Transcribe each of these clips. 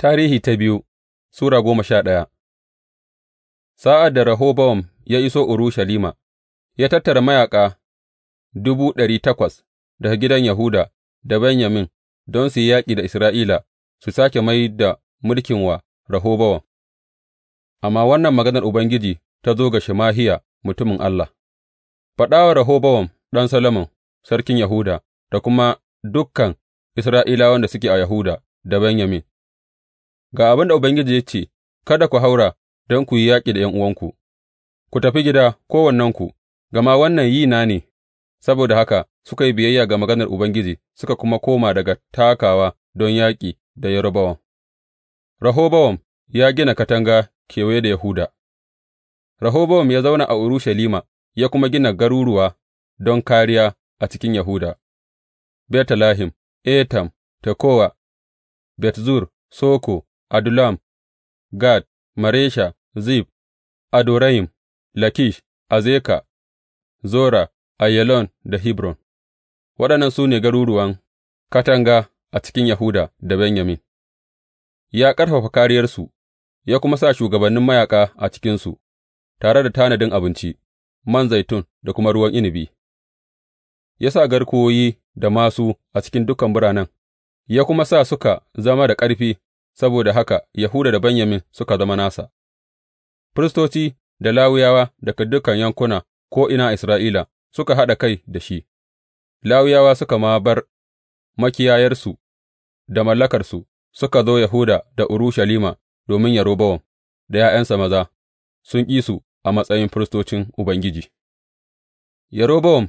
Tarihi ta biyu Sura goma sha ɗaya. Sa'ad da Rehobowam ya iso Urushalima, ya tattara mayaƙa dubu ɗari takwas daga gidan Yahuda da Benyamin don su yi yaƙi da Isra'ila su sāke mai da mulkin wa Rehobowam. Amma wannan maganar Ubangiji ta zo ga Shemahiya mutumin Allah, Faɗawa wa Rehobowam ɗan Solomon sarkin Yahuda da kuma dukkan Isra'ilawan da suke a Yahuda da Benyamin. Ga abin da Ubangiji ya ce, Kada ku haura don ku yi yaƙi da ’yan'uwanku, ku tafi gida kowannenku, gama wannan yi na ne, saboda haka suka yi biyayya ga maganar Ubangiji suka kuma koma daga takawa don yaƙi da Yerobowam. Rehobowam ya gina katanga kewaye da Yahuda Rehobowam ya zauna a Urushalima ya kuma gina garuruwa don kariya a cikin Yahuda, Betlehem, Etam, Tekowa, Bet Zur, Soko, Adullam, Gad, Maresha, Zif, Adorayim, Lakish, Azeka, Zora, Aiyalon da Hebron Waɗannan su ne garuruwan katanga a cikin Yahuda da Benyamin, ya ƙarfafa kariyarsu ya kuma sa shugabannin mayaƙa a cikinsu, tare da tanadin abinci, man zaitun da kuma ruwan inabi, ya sa garkuwoyi da masu a cikin dukan biranen, ya kuma sa suka zama da ƙarfi saboda haka Yahuda da Benyamin suka zama nasa, firistoci da Lawiyawa daga dukan yankuna ko'ina a Isra'ila suka haɗa kai da shi, Lawiyawa suka ma bar makiyayarsu da mallakarsu suka zo Yahuda da Urushalima domin Yerobowam da ’ya'yansa maza sun ƙi su a matsayin firistocin Ubangiji. Yerobowam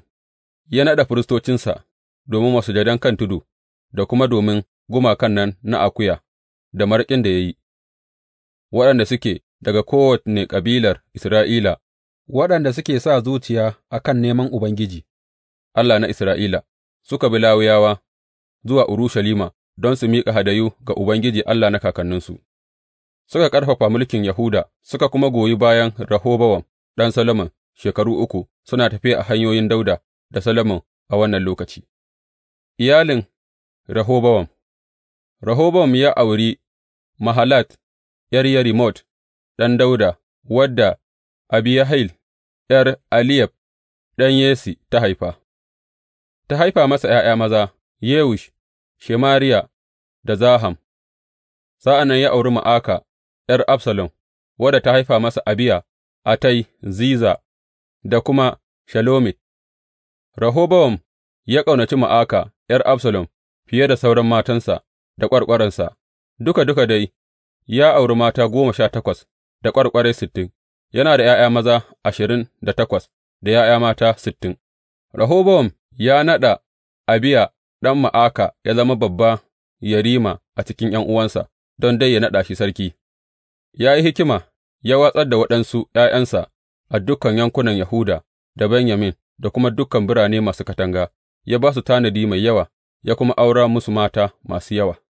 ya naɗa firistocinsa domin masujadan kan tudu da kuma domin gumakan nan na akuya da maraƙin da ya yi, waɗanda suke daga kowane kabilar Isra'ila, waɗanda suke sa zuciya a kan neman Ubangiji, Allah na Isra'ila, suka bi Lawiyawa zuwa Urushalima don su miƙa hadayu ga Ubangiji Allah na kakanninsu. Suka ƙarfafa mulkin Yahuda suka kuma goyi bayan Rahobowam ɗan Solomon shekaru uku suna tafiya a hanyoyin Dauda da Solomon a wannan lokaci. Iyalin Rahobowam Rahobowam ya auri Mahalat ’yar Yerimot ɗan Dawuda, wadda Abihayil ’yar Eliyab ɗan Yesse ta haifa, ta haifa masa ’ya'ya maza, Yewush, Shemariya da Zaham, sa'an nan ya auri Ma'aka ’yar Absalom, wadda ta haifa masa Abiya, Attai, Ziza da kuma Shelomit. Rehobowam ya ƙaunaci Ma'aka ’yar Absalom fiye da sauran matansa da ƙwarƙwaransa. duka duka dai ya auri mata goma sha takwas da ƙwarƙwarai sittin, yana da ’ya'ya maza ashirin da takwas da ’ya'ya mata sittin. Rehobowam ya naɗa Abiya ɗan Ma'aka ya zama babba Yarima a cikin ’yan'uwansa don dai ya naɗa shi sarki, ya yi hikima ya watsar da waɗansu ’ya'yansa a dukan yankunan Yahuda da Benyamin da kuma dukan birane masu katanga, ya ba su tanadi mai yawa, ya kuma aura musu mata masu yawa.